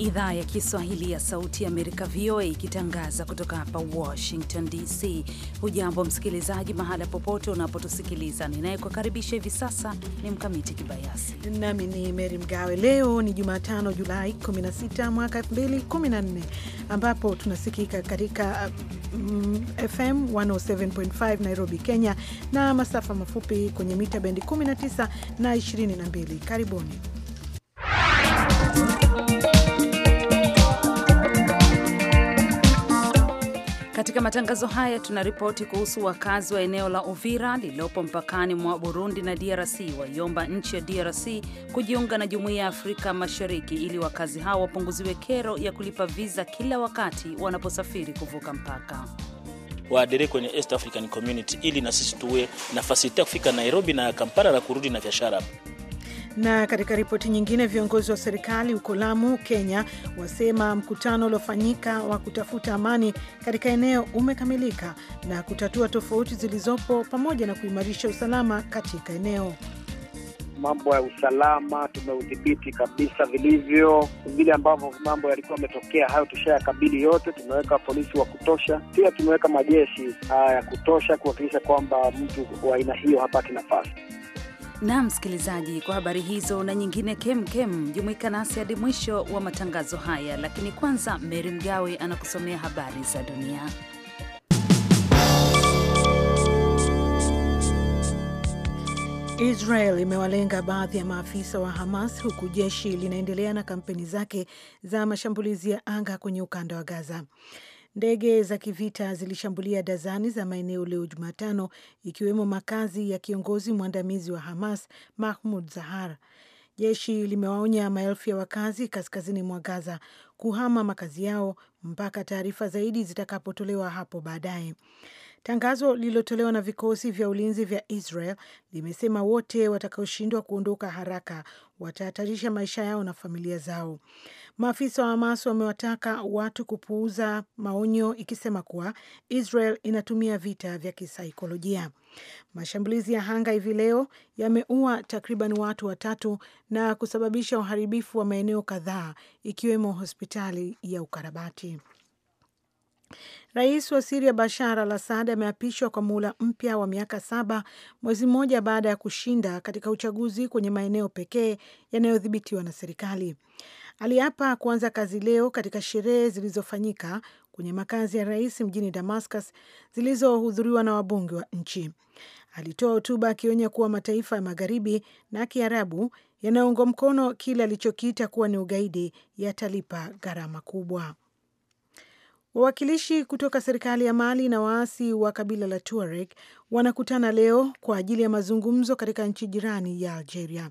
idhaa ya Kiswahili ya Sauti ya Amerika, VOA, ikitangaza kutoka hapa Washington DC. Hujambo msikilizaji, mahala popote unapotusikiliza. Ninayekukaribisha hivi sasa ni Mkamiti Kibayasi nami ni Meri Mgawe. Leo ni Jumatano, Julai 16 mwaka 2014, ambapo tunasikika katika mm, FM 107.5 Nairobi, Kenya, na masafa mafupi kwenye mita bendi 19 na 22. Karibuni. Katika matangazo haya tuna ripoti kuhusu wakazi wa eneo la Uvira lililopo mpakani mwa Burundi na DRC waiomba nchi ya DRC kujiunga na jumuiya ya Afrika Mashariki ili wakazi hao wapunguziwe kero ya kulipa viza kila wakati wanaposafiri kuvuka mpaka waadere kwenye East African Community ili na sisi tuwe nafasi ya kufika Nairobi na Kampala na kurudi na biashara. Na katika ripoti nyingine, viongozi wa serikali huko Lamu, Kenya, wasema mkutano uliofanyika wa kutafuta amani katika eneo umekamilika na kutatua tofauti zilizopo pamoja na kuimarisha usalama katika eneo. Mambo ya usalama tumeudhibiti kabisa vilivyo, vile ambavyo mambo yalikuwa yametokea, hayo tushayakabili yote. Tumeweka polisi wa kutosha, pia tumeweka majeshi ah, ya kutosha kuhakikisha kwamba mtu wa aina hiyo hapati nafasi. Na msikilizaji, kwa habari hizo na nyingine kem kem, jumuika nasi hadi mwisho wa matangazo haya, lakini kwanza Meri Mgawe anakusomea habari za dunia. Israel imewalenga baadhi ya maafisa wa Hamas huku jeshi linaendelea na kampeni zake za mashambulizi ya anga kwenye ukanda wa Gaza. Ndege za kivita zilishambulia dazani za maeneo leo Jumatano, ikiwemo makazi ya kiongozi mwandamizi wa Hamas Mahmud Zahar. Jeshi limewaonya maelfu ya wakazi kaskazini mwa Gaza kuhama makazi yao mpaka taarifa zaidi zitakapotolewa hapo baadaye. Tangazo lililotolewa na vikosi vya ulinzi vya Israel limesema wote watakaoshindwa kuondoka haraka watahatarisha maisha yao na familia zao. Maafisa wa Hamas wamewataka watu kupuuza maonyo, ikisema kuwa Israel inatumia vita vya kisaikolojia. Mashambulizi ya anga hivi leo yameua takriban watu watatu na kusababisha uharibifu wa maeneo kadhaa ikiwemo hospitali ya ukarabati. Rais wa Siria Bashar al Assad ameapishwa kwa muhula mpya wa miaka saba mwezi mmoja baada ya kushinda katika uchaguzi kwenye maeneo pekee yanayodhibitiwa na serikali. Aliapa kuanza kazi leo katika sherehe zilizofanyika kwenye makazi ya rais mjini Damascus zilizohudhuriwa na wabunge wa nchi. Alitoa hotuba akionya kuwa mataifa ya magharibi na Kiarabu yanayounga mkono kile alichokiita kuwa ni ugaidi yatalipa gharama kubwa. Wawakilishi kutoka serikali ya Mali na waasi wa kabila la Tuareg wanakutana leo kwa ajili ya mazungumzo katika nchi jirani ya Algeria.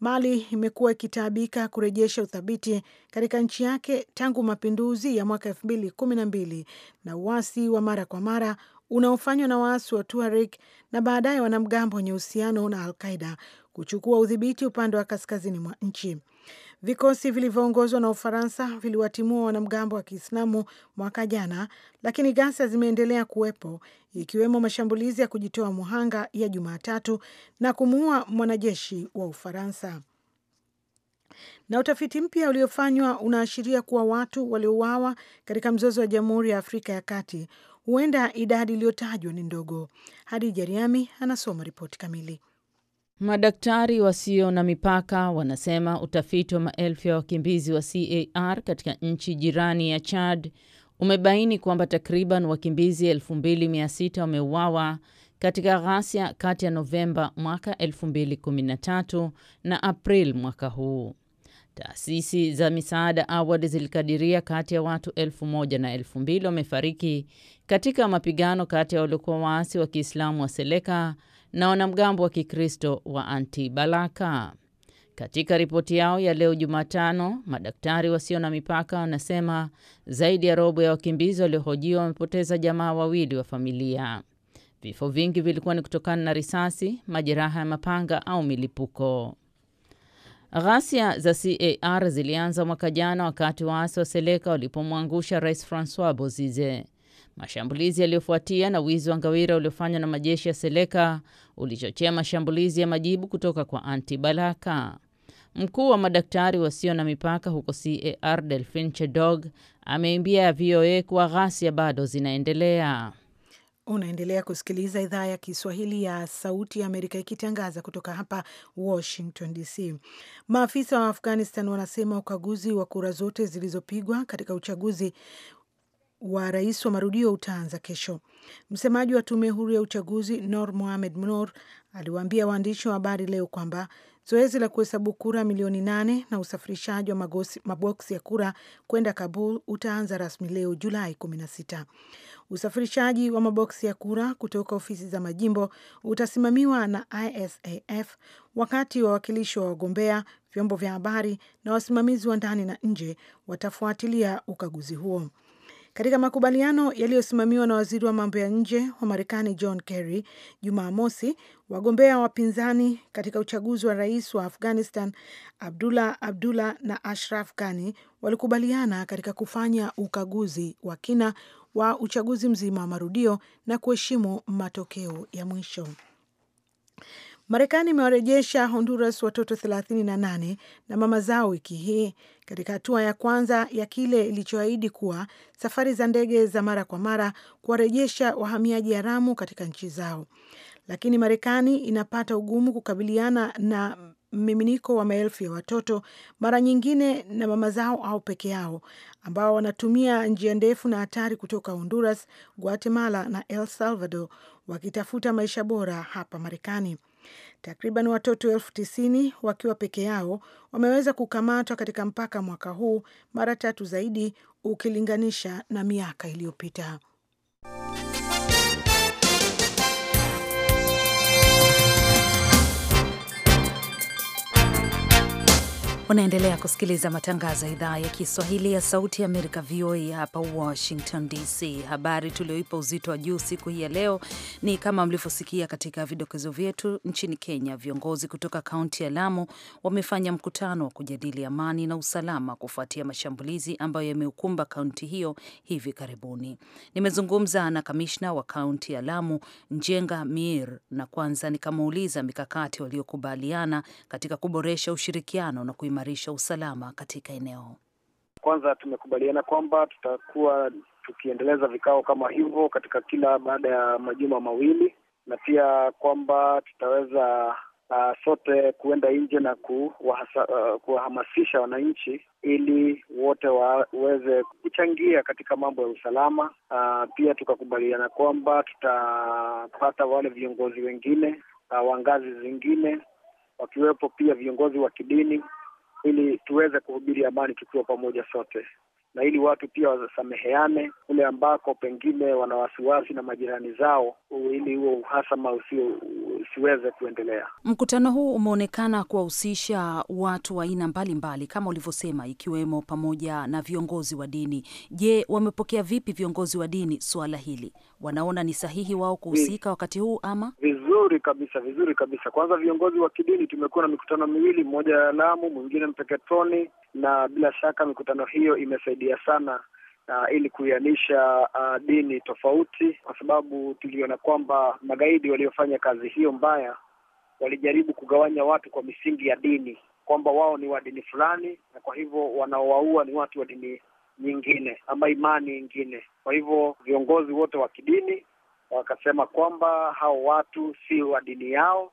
Mali imekuwa ikitaabika kurejesha uthabiti katika nchi yake tangu mapinduzi ya mwaka elfu mbili kumi na mbili na uasi wa mara kwa mara unaofanywa na waasi wa Tuareg na baadaye wanamgambo wenye uhusiano na Alqaida kuchukua udhibiti upande wa kaskazini mwa nchi. Vikosi vilivyoongozwa na Ufaransa viliwatimua wanamgambo wa Kiislamu mwaka jana, lakini ghasia zimeendelea kuwepo, ikiwemo mashambulizi ya kujitoa muhanga ya Jumatatu na kumuua mwanajeshi wa Ufaransa. Na utafiti mpya uliofanywa unaashiria kuwa watu waliouawa katika mzozo wa Jamhuri ya Afrika ya Kati, huenda idadi iliyotajwa ni ndogo. hadi jariami anasoma ripoti kamili. Madaktari wasio na mipaka wanasema utafiti wa maelfu ya wakimbizi wa CAR katika nchi jirani ya Chad umebaini kwamba takriban wakimbizi 2600 wameuawa katika ghasia kati ya Novemba mwaka 2013 na April mwaka huu. Taasisi za misaada awali zilikadiria kati ya watu 1000 na 2000 wamefariki katika mapigano kati ya waliokuwa waasi wa Kiislamu wa Seleka na wanamgambo wa Kikristo wa Anti-Balaka. Katika ripoti yao ya leo Jumatano, madaktari wasio na mipaka wanasema zaidi ya robo ya wakimbizi waliohojiwa wamepoteza jamaa wawili wa familia. Vifo vingi vilikuwa ni kutokana na risasi, majeraha ya mapanga au milipuko. Ghasia za CAR zilianza mwaka jana wakati waasi wa Seleka walipomwangusha Rais Francois Bozize. Mashambulizi yaliyofuatia na wizi wa ngawira uliofanywa na majeshi ya Seleka ulichochea mashambulizi ya majibu kutoka kwa Antibalaka. Mkuu wa madaktari wasio na mipaka huko CAR Delphin Chedog ameimbia VOA kuwa ghasia bado zinaendelea. Unaendelea kusikiliza idhaa ya Kiswahili ya Sauti ya Amerika ikitangaza kutoka hapa Washington DC. Maafisa wa Afghanistan wanasema ukaguzi wa kura zote zilizopigwa katika uchaguzi wa rais wa marudio utaanza kesho. Msemaji wa tume huru ya uchaguzi Nor Mohamed Mnor aliwaambia waandishi wa habari leo kwamba zoezi la kuhesabu kura milioni nane na usafirishaji wa maboksi ya kura kwenda Kabul utaanza rasmi leo Julai 16. Usafirishaji wa maboksi ya kura kutoka ofisi za majimbo utasimamiwa na ISAF, wakati wawakilishi wa wagombea, vyombo vya habari na wasimamizi wa ndani na nje watafuatilia ukaguzi huo katika makubaliano yaliyosimamiwa na waziri wa mambo ya nje wa Marekani John Kerry Jumamosi. Wagombea wapinzani katika uchaguzi wa rais wa Afghanistan Abdullah Abdullah na Ashraf Ghani walikubaliana katika kufanya ukaguzi wa kina wa uchaguzi mzima wa marudio na kuheshimu matokeo ya mwisho. Marekani imewarejesha Honduras watoto 38 na mama zao wiki hii katika hatua ya kwanza ya kile ilichoahidi kuwa safari za ndege za mara kwa mara kuwarejesha wahamiaji haramu katika nchi zao, lakini Marekani inapata ugumu kukabiliana na mmiminiko wa maelfu ya watoto, mara nyingine na mama zao au peke yao, ambao wanatumia njia ndefu na hatari kutoka Honduras, Guatemala na El Salvador wakitafuta maisha bora hapa Marekani. Takriban watoto elfu tisini wakiwa peke yao wameweza kukamatwa katika mpaka mwaka huu, mara tatu zaidi ukilinganisha na miaka iliyopita. Unaendelea kusikiliza matangazo ya idhaa ya Kiswahili ya Sauti ya Amerika, VOA hapa Washington DC. Habari tulioipa uzito wa juu siku hii ya leo ni kama mlivyosikia katika vidokezo vyetu, nchini Kenya viongozi kutoka kaunti ya Lamu wamefanya mkutano wa kujadili amani na usalama kufuatia mashambulizi ambayo yameukumba kaunti hiyo hivi karibuni. Nimezungumza na kamishna wa kaunti ya Lamu, Njenga Mir, na kwanza nikamuuliza mikakati waliokubaliana katika kuboresha ushirikiano na kuimarisha kuimarisha usalama katika eneo. Kwanza tumekubaliana kwamba tutakuwa tukiendeleza vikao kama hivyo katika kila baada ya majuma mawili, na pia kwamba tutaweza uh, sote kuenda nje na uh, kuwahamasisha uh, wananchi ili wote waweze kuchangia katika mambo ya usalama. Uh, pia tukakubaliana kwamba tutapata wale viongozi wengine uh, wa ngazi zingine wakiwepo pia viongozi wa kidini ili tuweze kuhubiri amani tukiwa pamoja sote, na ili watu pia wasameheane kule ambako pengine wana wasiwasi na majirani zao, ili huo uhasama usiweze kuendelea. Mkutano huu umeonekana kuwahusisha watu wa aina mbalimbali kama ulivyosema, ikiwemo pamoja na viongozi wa dini. Je, wamepokea vipi viongozi wa dini suala hili? Wanaona ni sahihi wao kuhusika wakati huu ama Vizuri kabisa, vizuri kabisa. Kwanza viongozi wa kidini tumekuwa na mikutano miwili, mmoja ya Lamu, mwingine Mpeketoni, na bila shaka mikutano hiyo imesaidia sana Uh, ili kuianisha uh, dini tofauti, kwa sababu tuliona kwamba magaidi waliofanya kazi hiyo mbaya walijaribu kugawanya watu kwa misingi ya dini, kwamba wao ni wa dini fulani na kwa hivyo wanaowaua ni watu wa dini nyingine ama imani nyingine. Kwa hivyo viongozi wote wa kidini wakasema kwamba hao watu si wa dini yao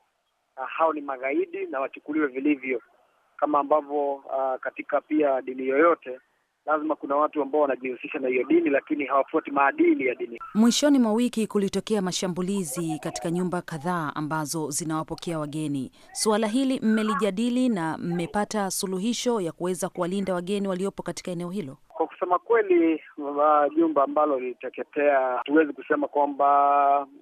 na hao ni magaidi na wachukuliwe vilivyo, kama ambavyo uh, katika pia dini yoyote lazima kuna watu ambao wanajihusisha na hiyo dini lakini hawafuati maadili ya dini. Mwishoni mwa wiki kulitokea mashambulizi katika nyumba kadhaa ambazo zinawapokea wageni. Suala hili mmelijadili na mmepata suluhisho ya kuweza kuwalinda wageni waliopo katika eneo hilo? kusema kweli, uh, jumba ambalo liliteketea, hatuwezi kusema kwamba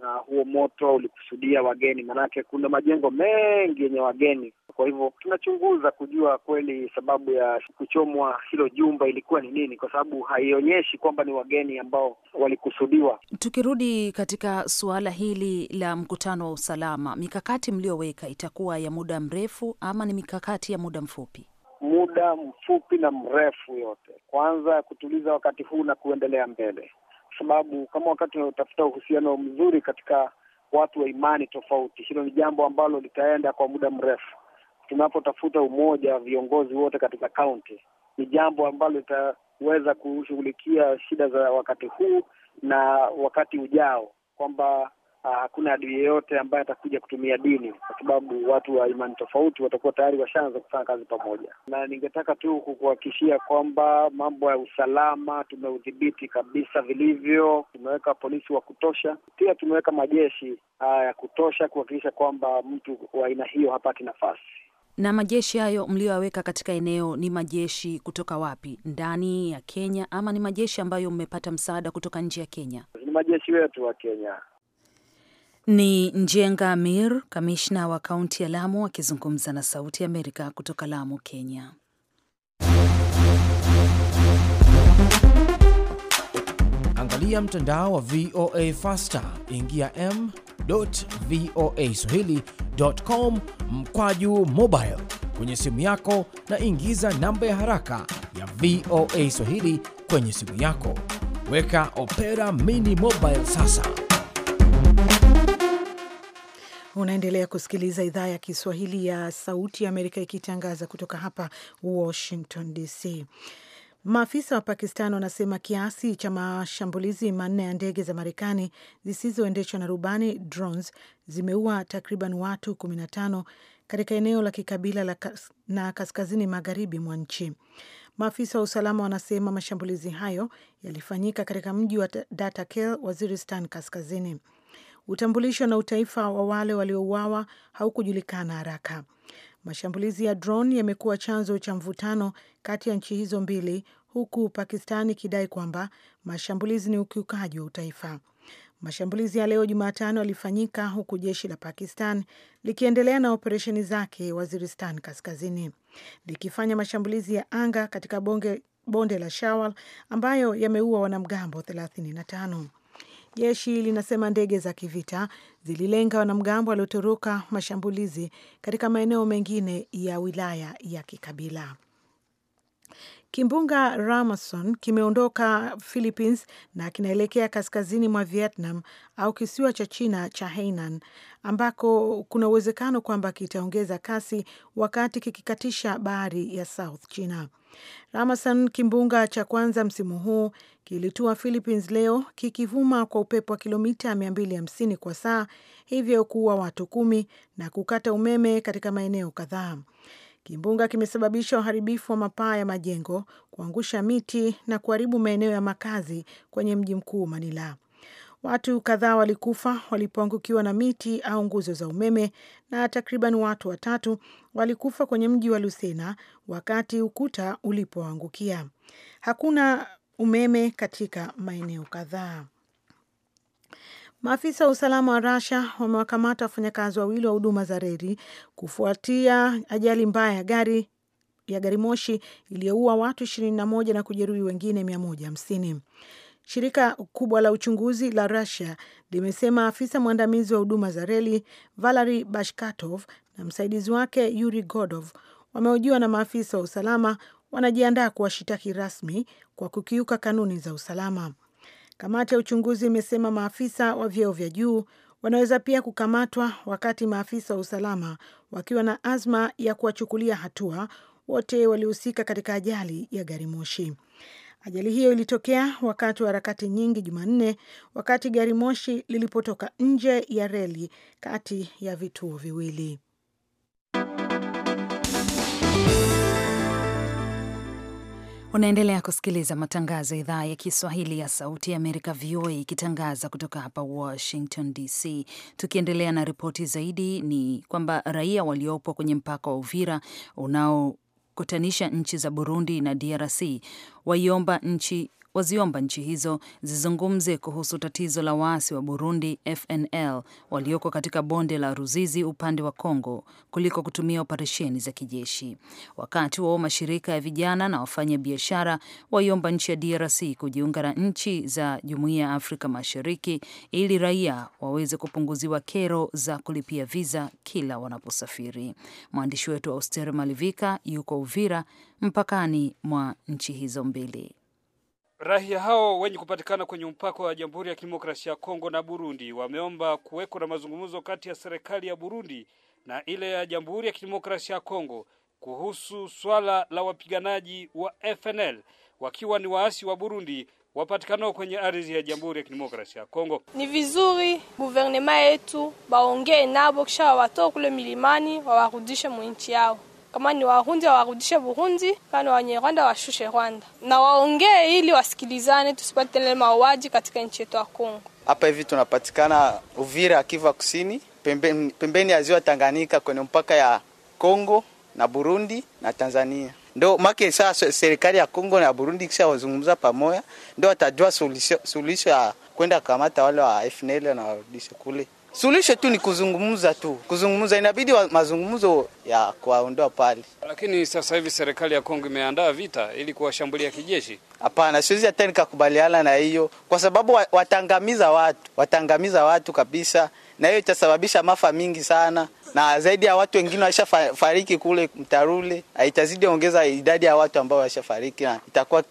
uh, huo moto ulikusudia wageni, maanake kuna majengo mengi yenye wageni. Kwa hivyo tunachunguza kujua kweli sababu ya kuchomwa hilo jumba ilikuwa ni nini, kwa sababu haionyeshi kwamba ni wageni ambao walikusudiwa. Tukirudi katika suala hili la mkutano wa usalama, mikakati mlioweka itakuwa ya muda mrefu ama ni mikakati ya muda mfupi? muda mfupi na mrefu yote, kwanza kutuliza wakati huu na kuendelea mbele, kwa sababu kama wakati unaotafuta uhusiano mzuri katika watu wa imani tofauti, hilo ni jambo ambalo litaenda kwa muda mrefu. Tunapotafuta umoja wa viongozi wote katika kaunti, ni jambo ambalo litaweza kushughulikia shida za wakati huu na wakati ujao, kwamba Ah, hakuna adui yeyote ambaye atakuja kutumia dini, kwa sababu watu wa imani tofauti watakuwa tayari washaanza kufanya kazi pamoja. Na ningetaka tu kukuhakikishia kwamba mambo ya usalama tumeudhibiti kabisa vilivyo. Tumeweka polisi wa kutosha, pia tumeweka majeshi ah, ya kutosha kuhakikisha kwamba mtu wa aina hiyo hapati nafasi. Na majeshi hayo mliyoyaweka katika eneo ni majeshi kutoka wapi? Ndani ya Kenya ama ni majeshi ambayo mmepata msaada kutoka nje ya Kenya? Ni majeshi wetu wa Kenya. Ni Njenga Amir, kamishna wa kaunti ya Lamu, akizungumza na Sauti ya Amerika kutoka Lamu, Kenya. Angalia mtandao wa VOA fasta ingia m.voaswahili.com mkwaju mobile kwenye simu yako na ingiza namba ya haraka ya VOA Swahili kwenye simu yako. Weka Opera Mini Mobile sasa. Unaendelea kusikiliza idhaa ya Kiswahili ya Sauti ya Amerika ikitangaza kutoka hapa Washington DC. Maafisa wa Pakistan wanasema kiasi cha mashambulizi manne ya ndege za Marekani zisizoendeshwa na rubani drones zimeua takriban watu 15 katika eneo la kikabila la kas na kaskazini magharibi mwa nchi. Maafisa wa usalama wanasema mashambulizi hayo yalifanyika katika mji wa Datakel, Waziristan Kaskazini. Utambulisho na utaifa wa wale waliouawa haukujulikana haraka. Mashambulizi ya drone yamekuwa chanzo cha mvutano kati ya nchi hizo mbili, huku pakistan ikidai kwamba mashambulizi ni ukiukaji wa utaifa. Mashambulizi ya leo Jumatano yalifanyika huku jeshi la Pakistan likiendelea na operesheni zake Waziristan Kaskazini, likifanya mashambulizi ya anga katika bonge, bonde la Shawal ambayo yameua wanamgambo 35. Jeshi linasema ndege za kivita zililenga wanamgambo waliotoroka mashambulizi katika maeneo mengine ya wilaya ya kikabila. Kimbunga Ramason kimeondoka Philippines na kinaelekea kaskazini mwa Vietnam au kisiwa cha China cha Hainan ambako kuna uwezekano kwamba kitaongeza kasi wakati kikikatisha bahari ya South China. Ramason, kimbunga cha kwanza msimu huu, kilitua Philippines leo kikivuma kwa upepo wa kilomita 250 kwa saa, hivyo kuua watu kumi na kukata umeme katika maeneo kadhaa. Kimbunga kimesababisha uharibifu wa mapaa ya majengo, kuangusha miti na kuharibu maeneo ya makazi kwenye mji mkuu Manila. Watu kadhaa walikufa walipoangukiwa na miti au nguzo za umeme na takriban watu watatu walikufa kwenye mji wa Lucena wakati ukuta ulipoangukia. Hakuna umeme katika maeneo kadhaa. Maafisa wa usalama wa rasha wamewakamata wafanyakazi wawili wa huduma za reli kufuatia ajali mbaya ya gari ya gari moshi iliyoua watu 21 na kujeruhi wengine 150. Shirika kubwa la uchunguzi la rasia limesema afisa mwandamizi wa huduma za reli Valery Bashkatov na msaidizi wake Yuri Godov wamehojiwa na maafisa wa usalama, wanajiandaa kuwashitaki rasmi kwa kukiuka kanuni za usalama. Kamati ya uchunguzi imesema maafisa wa vyeo vya juu wanaweza pia kukamatwa wakati maafisa wa usalama wakiwa na azma ya kuwachukulia hatua wote waliohusika katika ajali ya gari moshi. Ajali hiyo ilitokea wakati wa harakati nyingi Jumanne, wakati gari moshi lilipotoka nje ya reli kati ya vituo viwili. Unaendelea kusikiliza matangazo ya idhaa ya Kiswahili ya Sauti ya Amerika, VOA, ikitangaza kutoka hapa Washington DC. Tukiendelea na ripoti zaidi, ni kwamba raia waliopo kwenye mpaka wa Uvira unao kutanisha nchi za Burundi na DRC waiomba nchi waziomba nchi hizo zizungumze kuhusu tatizo la waasi wa Burundi FNL walioko katika bonde la Ruzizi upande wa congo kuliko kutumia operesheni za kijeshi. Wakati wao mashirika ya vijana na wafanya biashara waiomba nchi ya DRC kujiunga na nchi za Jumuiya ya Afrika Mashariki ili raia waweze kupunguziwa kero za kulipia viza kila wanaposafiri. Mwandishi wetu wa Auster Malivika yuko Uvira mpakani mwa nchi hizo mbili. Raia hao wenye kupatikana kwenye mpaka wa Jamhuri ya Kidemokrasia ya Kongo na Burundi wameomba kuweko na mazungumzo kati ya serikali ya Burundi na ile ya Jamhuri ya Kidemokrasia ya Kongo kuhusu swala la wapiganaji wa FNL wakiwa ni waasi wa Burundi wapatikanao kwenye ardhi ya Jamhuri ya Kidemokrasia ya Kongo. Ni vizuri guvernema yetu baongee nabo kisha wawatoe kule milimani wawarudishe mwinchi yao. Kama ni Warundi wawarudishe Burundi, kama ni Wanyarwanda washushe Rwanda na waongee, ili wasikilizane, tusipate tena mauaji katika nchi yetu ya Kongo. Hapa hivi tunapatikana Uvira, Kivu Kusini, pembeni pembeni ya ziwa Tanganyika, kwenye mpaka ya Kongo na Burundi na Tanzania. Ndo make sasa serikali ya Kongo na Burundi kisha wazungumza pamoja, ndo watajua suluhisho ya kwenda kamata wale wa FNL na warudishe kule. Suluhisho tu ni kuzungumza tu, kuzungumza. Inabidi mazungumzo ya kuwaondoa pale. Lakini sasa hivi serikali ya Kongo imeandaa vita ili kuwashambulia kijeshi? Hapana, siwezi hata nikakubaliana na hiyo, kwa sababu watangamiza watu, watangamiza watu kabisa, na hiyo itasababisha maafa mingi sana, na zaidi ya watu wengine washafariki kule Mtarule, itazidi ongeza idadi ya watu ambao washafariki na itakuwa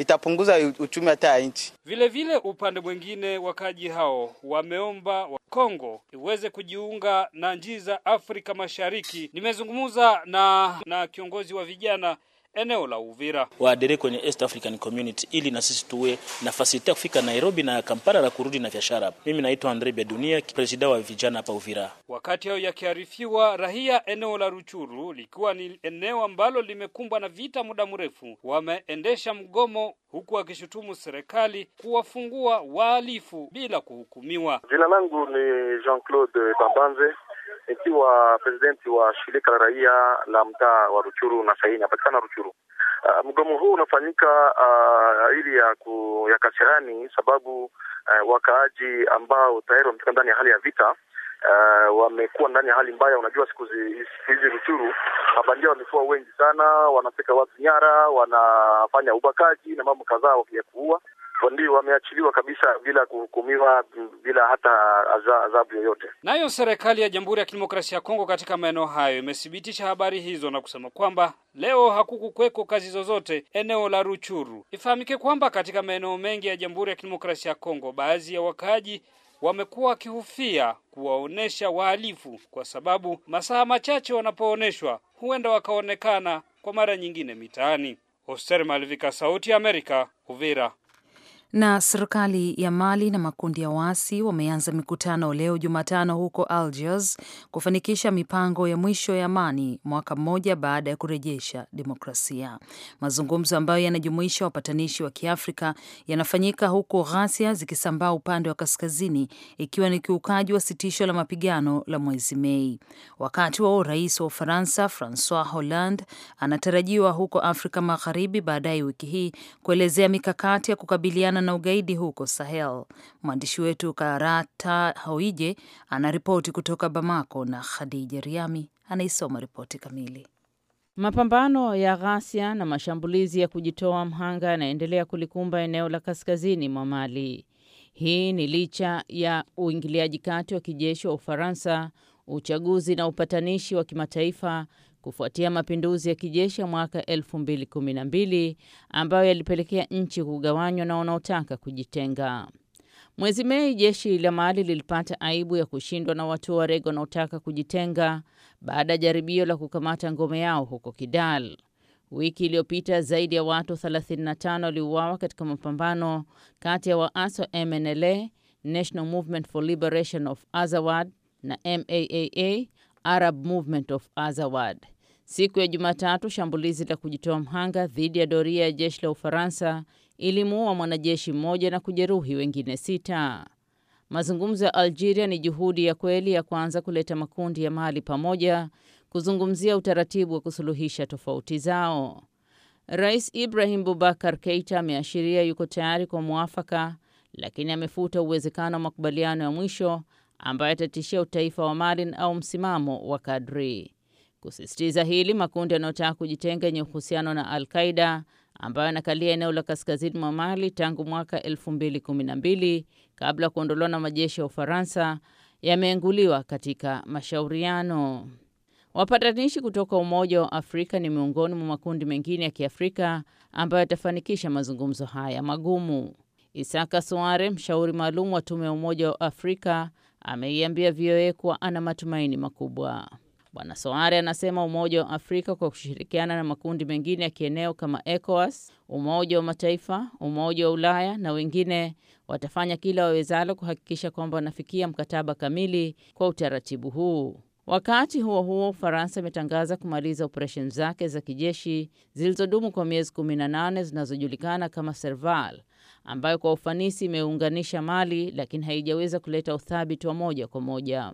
itapunguza uchumi hata ya nchi. Vile vile, upande mwingine, wakaji hao wameomba Kongo iweze kujiunga na njii za Afrika Mashariki. Nimezungumza na na kiongozi wa vijana eneo la Uvira, waadere kwenye East African Community ili na sisi tuwe nafasi ya kufika Nairobi na Kampala na kurudi na biashara. Mimi naitwa Andre Bedunia, presida wa vijana hapa Uvira. Wakati hayo yakiarifiwa, rahia eneo la Ruchuru likiwa ni eneo ambalo limekumbwa na vita muda mrefu, wameendesha mgomo huku akishutumu serikali kuwafungua wahalifu bila kuhukumiwa. Jina langu ni Jean Claude Bambanze nikiwa presidenti wa shirika la raia la mtaa wa Ruchuru na saini napatikana Ruchuru. Uh, mgomo huu unafanyika uh, ili ya, ku, ya kasirani sababu uh, wakaaji ambao tayari wametoka ndani ya hali ya vita Uh, wamekuwa ndani ya hali mbaya. Unajua, siku hizi Ruchuru mabandia wamekuwa wengi sana, wanateka watu nyara, wanafanya ubakaji na mambo kadhaa wakiyakuua kuua ndio wameachiliwa kabisa bila kuhukumiwa bila hata adhabu yoyote. Nayo serikali ya Jamhuri ya Kidemokrasia ya Kongo katika maeneo hayo imethibitisha habari hizo na kusema kwamba leo hakukukweko kazi zozote eneo la Ruchuru. Ifahamike kwamba katika maeneo mengi ya Jamhuri ya Kidemokrasia ya Kongo baadhi ya wakaaji wamekuwa wakihofia kuwaonesha wahalifu kwa sababu masaa machache wanapoonyeshwa huenda wakaonekana kwa mara nyingine mitaani. Hoster Malvika, Sauti ya Amerika, Uvira. Na serikali ya Mali na makundi ya waasi wameanza mikutano leo Jumatano huko Algiers kufanikisha mipango ya mwisho ya amani mwaka mmoja baada ya kurejesha demokrasia. Mazungumzo ambayo yanajumuisha wapatanishi wa Kiafrika yanafanyika huku ghasia zikisambaa upande wa kaskazini, ikiwa ni kiukaji wa sitisho la mapigano la mwezi Mei. Wakati wao rais wa Ufaransa Francois Hollande anatarajiwa huko Afrika Magharibi baadaye wiki hii kuelezea mikakati ya kukabiliana kupambana na ugaidi huko Sahel. Mwandishi wetu Karata hoije anaripoti kutoka Bamako na Khadija Riami anaisoma ripoti kamili. Mapambano ya ghasia na mashambulizi ya kujitoa mhanga yanaendelea kulikumba eneo la kaskazini mwa Mali. Hii ni licha ya uingiliaji kati wa kijeshi wa Ufaransa, uchaguzi na upatanishi wa kimataifa kufuatia mapinduzi ya kijeshi ya mwaka 2012 ambayo yalipelekea nchi kugawanywa na wanaotaka kujitenga. Mwezi Mei, jeshi la Mali lilipata aibu ya kushindwa na watu rego wanaotaka kujitenga baada ya jaribio la kukamata ngome yao huko Kidal. Wiki iliyopita zaidi ya watu 35 waliuawa katika mapambano kati ya waasi wa MNLA, National Movement for Liberation of Azawad na MAAA Arab Movement of Azawad. Siku ya Jumatatu, shambulizi la kujitoa mhanga dhidi ya doria ya jeshi la Ufaransa ilimuua mwanajeshi mmoja na kujeruhi wengine sita. Mazungumzo ya Algeria ni juhudi ya kweli ya kwanza kuleta makundi ya mahali pamoja kuzungumzia utaratibu wa kusuluhisha tofauti zao. Rais Ibrahim Boubacar Keita ameashiria yuko tayari kwa mwafaka, lakini amefuta uwezekano wa makubaliano ya mwisho ambayo yatatishia utaifa wa Mali au msimamo wa kadri. Kusisitiza hili, makundi yanayotaka kujitenga yenye uhusiano na Al-Qaida ambayo yanakalia eneo la kaskazini mwa Mali tangu mwaka 2012 kabla ya kuondolewa na majeshi ya Ufaransa yameenguliwa katika mashauriano. Wapatanishi kutoka Umoja wa Afrika ni miongoni mwa makundi mengine ya Kiafrika ambayo yatafanikisha mazungumzo haya magumu. Isaka Soare, mshauri maalum wa tume ya Umoja wa Afrika ameiambia VOA kuwa ana matumaini makubwa. Bwana Soare anasema Umoja wa Afrika kwa kushirikiana na makundi mengine ya kieneo kama ECOWAS, Umoja wa Mataifa, Umoja wa Ulaya na wengine watafanya kila wawezalo kuhakikisha kwamba wanafikia mkataba kamili kwa utaratibu huu. Wakati huo huo, Ufaransa imetangaza kumaliza operesheni zake za kijeshi zilizodumu kwa miezi 18 zinazojulikana kama Serval ambayo kwa ufanisi imeunganisha Mali lakini haijaweza kuleta uthabiti wa moja kwa moja.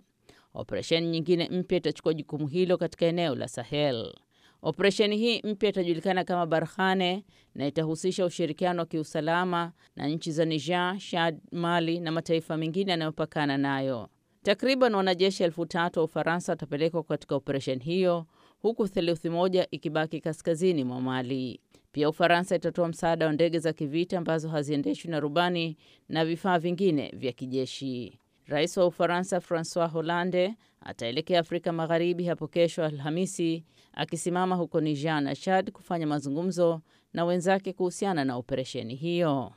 Operesheni nyingine mpya itachukua jukumu hilo katika eneo la Sahel. Operesheni hii mpya itajulikana kama Barkhane na itahusisha ushirikiano wa kiusalama na nchi za Niger, Chad, Mali na mataifa mengine yanayopakana nayo. Takriban wanajeshi elfu tatu wa Ufaransa watapelekwa katika operesheni hiyo huku theluthi moja ikibaki kaskazini mwa Mali. Pia Ufaransa itatoa msaada wa ndege za kivita ambazo haziendeshwi na rubani na vifaa vingine vya kijeshi. Rais wa Ufaransa Francois Hollande ataelekea Afrika Magharibi hapo kesho Alhamisi, akisimama huko Niger na Chad kufanya mazungumzo na wenzake kuhusiana na operesheni hiyo.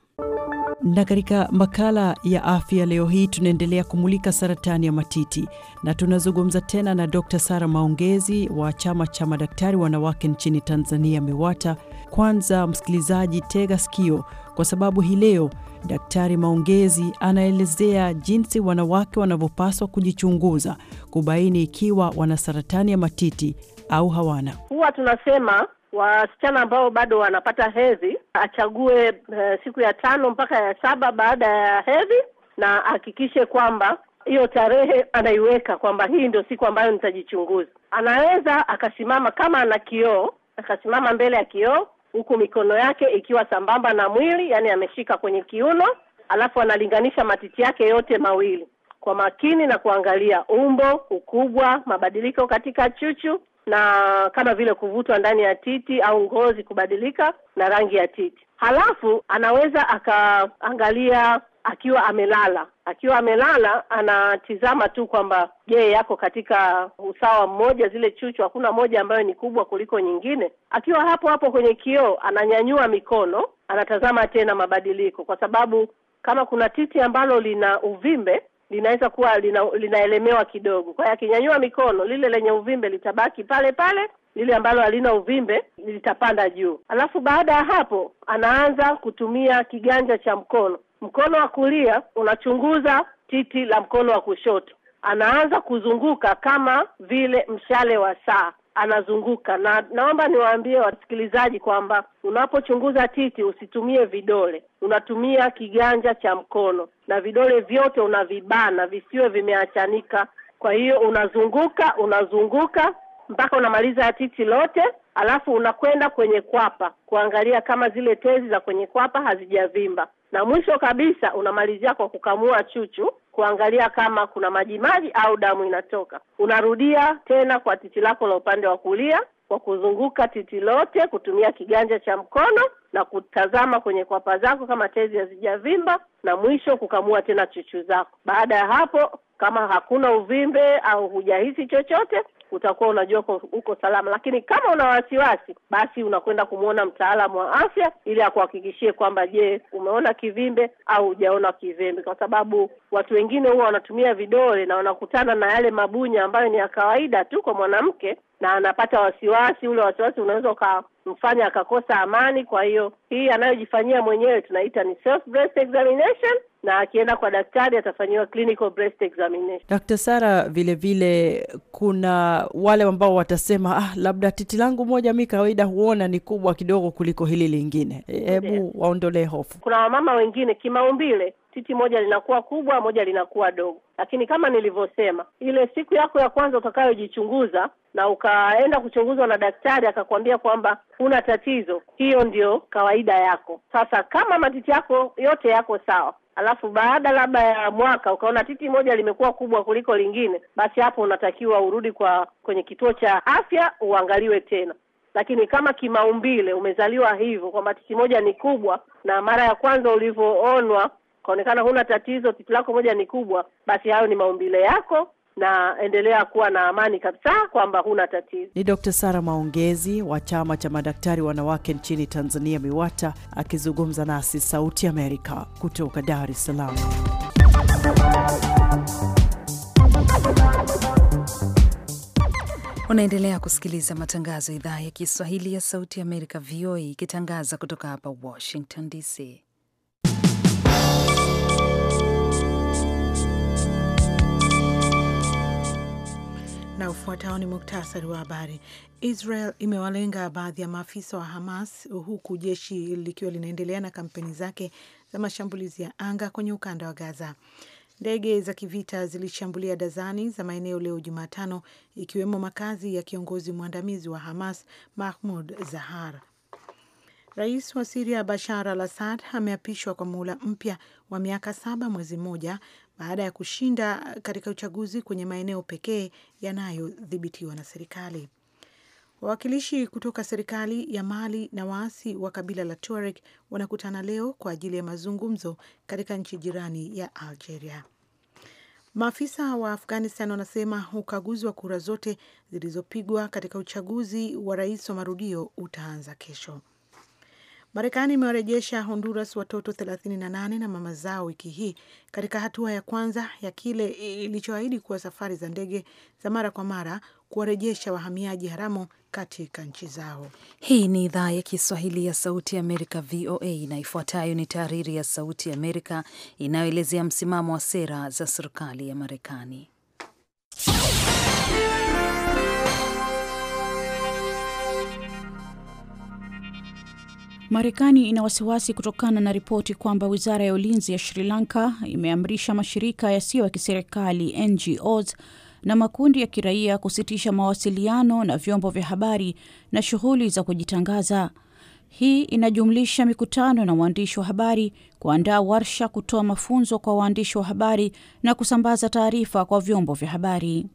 Na katika makala ya afya leo hii tunaendelea kumulika saratani ya matiti na tunazungumza tena na Dr. Sara Maongezi wa chama cha madaktari wanawake nchini Tanzania, MEWATA, kwanza msikilizaji, tega sikio, kwa sababu hii leo Daktari Maongezi anaelezea jinsi wanawake wanavyopaswa kujichunguza kubaini ikiwa wana saratani ya matiti au hawana. Huwa tunasema wasichana ambao bado wanapata hedhi achague uh, siku ya tano mpaka ya saba baada ya hedhi, na ahakikishe kwamba hiyo tarehe anaiweka kwamba hii ndio siku ambayo nitajichunguza. Anaweza akasimama kama ana kioo, akasimama mbele ya kioo huku mikono yake ikiwa sambamba na mwili, yani ameshika kwenye kiuno, alafu analinganisha matiti yake yote mawili kwa makini na kuangalia umbo, ukubwa, mabadiliko katika chuchu na kama vile kuvutwa ndani ya titi au ngozi kubadilika na rangi ya titi. Halafu anaweza akaangalia akiwa amelala akiwa amelala anatizama tu kwamba je, yako katika usawa mmoja, zile chuchu, hakuna moja ambayo ni kubwa kuliko nyingine. Akiwa hapo hapo kwenye kioo, ananyanyua mikono, anatazama tena mabadiliko, kwa sababu kama kuna titi ambalo lina uvimbe linaweza kuwa lina, linaelemewa kidogo. Kwa hiyo akinyanyua mikono, lile lenye uvimbe litabaki pale pale, lile ambalo halina uvimbe litapanda juu. Alafu baada ya hapo, anaanza kutumia kiganja cha mkono mkono wa kulia unachunguza titi la mkono wa kushoto, anaanza kuzunguka kama vile mshale wa saa anazunguka. Na naomba niwaambie wasikilizaji kwamba unapochunguza titi usitumie vidole, unatumia kiganja cha mkono, na vidole vyote unavibana visiwe vimeachanika. Kwa hiyo unazunguka unazunguka mpaka unamaliza ya titi lote, alafu unakwenda kwenye kwapa kuangalia kama zile tezi za kwenye kwapa hazijavimba na mwisho kabisa unamalizia kwa kukamua chuchu kuangalia kama kuna majimaji au damu inatoka. Unarudia tena kwa titi lako la upande wa kulia kwa kuzunguka titi lote kutumia kiganja cha mkono na kutazama kwenye kwapa zako kama tezi hazijavimba, na mwisho kukamua tena chuchu zako. Baada ya hapo, kama hakuna uvimbe au hujahisi chochote, utakuwa unajua uko salama, lakini kama una wasiwasi, basi unakwenda kumwona mtaalamu wa afya ili akuhakikishie kwamba, je, umeona kivimbe au hujaona kivimbe, kwa sababu watu wengine huwa wanatumia vidole na wanakutana na yale mabunya ambayo ni ya kawaida tu kwa mwanamke na anapata wasiwasi. Ule wasiwasi unaweza ukamfanya akakosa amani. Kwa hiyo hii anayojifanyia mwenyewe tunaita ni self breast examination, na akienda kwa daktari atafanyiwa clinical breast examination. Dr. Sara, vilevile kuna wale ambao watasema ah, labda titi langu moja mi kawaida huona ni kubwa kidogo kuliko hili lingine, e, hebu yeah, waondolee hofu. Kuna wamama wengine kimaumbile titi moja linakuwa kubwa, moja linakuwa dogo, lakini kama nilivyosema, ile siku yako ya kwanza utakayojichunguza na ukaenda kuchunguzwa na daktari akakwambia kwamba huna tatizo, hiyo ndio kawaida yako. Sasa kama matiti yako yote yako sawa, alafu baada labda ya mwaka ukaona titi moja limekuwa kubwa kuliko lingine, basi hapo unatakiwa urudi kwa kwenye kituo cha afya uangaliwe tena. Lakini kama kimaumbile umezaliwa hivyo kwamba titi moja ni kubwa, na mara ya kwanza ulivyoonwa kaonekana huna tatizo, titi lako moja ni kubwa, basi hayo ni maumbile yako na endelea kuwa na amani kabisa kwamba huna tatizo. Ni Dr Sara Maongezi wa chama cha madaktari wanawake nchini Tanzania MIWATA akizungumza nasi Sauti Amerika kutoka Dar es Salaam. Unaendelea kusikiliza matangazo ya idhaa ya Kiswahili ya Sauti Amerika, VOA, ikitangaza kutoka hapa Washington DC. Ufuatao ni muktasari wa habari. Israel imewalenga baadhi ya maafisa wa Hamas huku jeshi likiwa linaendelea na kampeni zake za mashambulizi ya anga kwenye ukanda wa Gaza. Ndege za kivita zilishambulia dazani za maeneo leo Jumatano, ikiwemo makazi ya kiongozi mwandamizi wa Hamas Mahmud Zahar. Rais wa Siria Bashar al Assad ameapishwa kwa muhula mpya wa miaka saba mwezi mmoja baada ya kushinda katika uchaguzi kwenye maeneo pekee yanayodhibitiwa na serikali. Wawakilishi kutoka serikali ya Mali na waasi wa kabila la Tuareg wanakutana leo kwa ajili ya mazungumzo katika nchi jirani ya Algeria. Maafisa wa Afghanistan wanasema ukaguzi wa kura zote zilizopigwa katika uchaguzi wa rais wa marudio utaanza kesho. Marekani imewarejesha Honduras watoto 38 na mama zao wiki hii katika hatua ya kwanza ya kile ilichoahidi kuwa safari za ndege za mara kwa mara kuwarejesha wahamiaji haramu katika nchi zao. Hii ni idhaa ya Kiswahili ya Sauti ya Amerika, VOA, na ifuatayo ni tahariri ya Sauti ya Amerika inayoelezea msimamo wa sera za serikali ya Marekani. Marekani ina wasiwasi kutokana na ripoti kwamba wizara ya ulinzi ya Sri Lanka imeamrisha mashirika yasiyo ya kiserikali NGOs na makundi ya kiraia kusitisha mawasiliano na vyombo vya habari na shughuli za kujitangaza. Hii inajumlisha mikutano na waandishi wa habari, kuandaa warsha, kutoa mafunzo kwa waandishi wa habari na kusambaza taarifa kwa vyombo vya habari.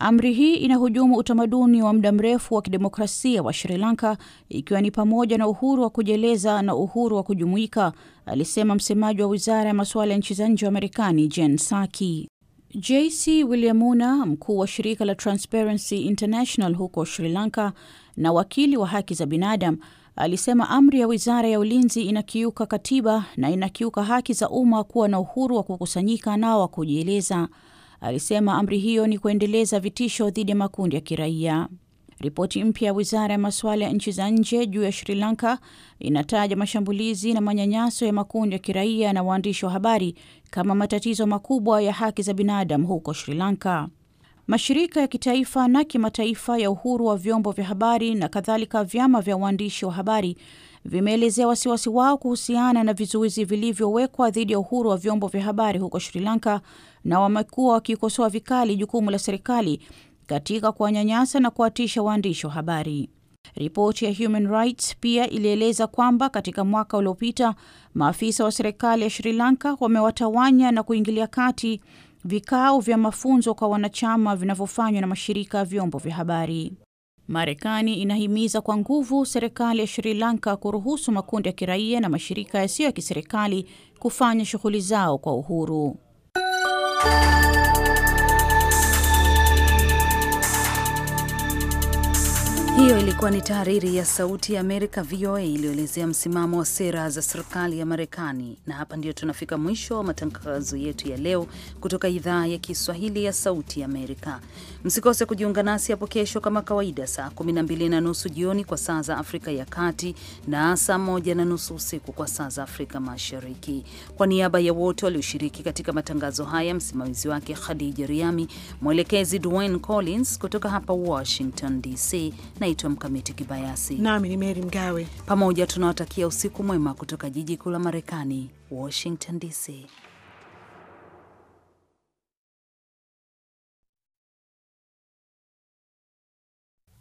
Amri hii inahujumu utamaduni wa muda mrefu wa kidemokrasia wa Sri Lanka, ikiwa ni pamoja na uhuru wa kujieleza na uhuru wa kujumuika, alisema msemaji wa wizara ya masuala ya nchi za nje wa Marekani Jen Psaki. JC Williamuna, mkuu wa shirika la Transparency International huko Sri Lanka na wakili wa haki za binadamu, alisema amri ya wizara ya ulinzi inakiuka katiba na inakiuka haki za umma kuwa na uhuru wa kukusanyika na wa kujieleza alisema amri hiyo ni kuendeleza vitisho dhidi ya makundi ya kiraia. Ripoti mpya ya wizara ya masuala ya nchi za nje juu ya Sri Lanka inataja mashambulizi na manyanyaso ya makundi ya kiraia na waandishi wa habari kama matatizo makubwa ya haki za binadamu huko Sri Lanka. Mashirika ya kitaifa na kimataifa ya uhuru wa vyombo vya habari na kadhalika, vyama vya waandishi wa habari vimeelezea wasiwasi wao kuhusiana na vizuizi vilivyowekwa dhidi ya uhuru wa vyombo vya habari huko Sri Lanka na wamekuwa wakikosoa vikali jukumu la serikali katika kuwanyanyasa na kuwatisha waandishi wa habari. Ripoti ya Human Rights pia ilieleza kwamba katika mwaka uliopita maafisa wa serikali ya Sri Lanka wamewatawanya na kuingilia kati vikao vya mafunzo kwa wanachama vinavyofanywa na mashirika ya vyombo vya habari. Marekani inahimiza kwa nguvu serikali ya Sri Lanka kuruhusu makundi ya kiraia na mashirika yasiyo ya kiserikali kufanya shughuli zao kwa uhuru. Hiyo ilikuwa ni tahariri ya Sauti ya Amerika, VOA, iliyoelezea msimamo wa sera za serikali ya Marekani. Na hapa ndio tunafika mwisho wa matangazo yetu ya leo kutoka idhaa ya Kiswahili ya Sauti ya Amerika. Msikose kujiunga nasi hapo kesho kama kawaida, saa 12 na nusu jioni kwa saa za Afrika ya Kati na saa moja na nusu usiku kwa saa za Afrika Mashariki. Kwa niaba ya wote walioshiriki katika matangazo haya, msimamizi wake Khadija Riami, mwelekezi Dwayne Collins, kutoka hapa Washington DC, naitwa Mkamiti Kibayasi nami ni Meri Mgawe. Pamoja tunawatakia usiku mwema kutoka jiji kuu la Marekani, Washington DC.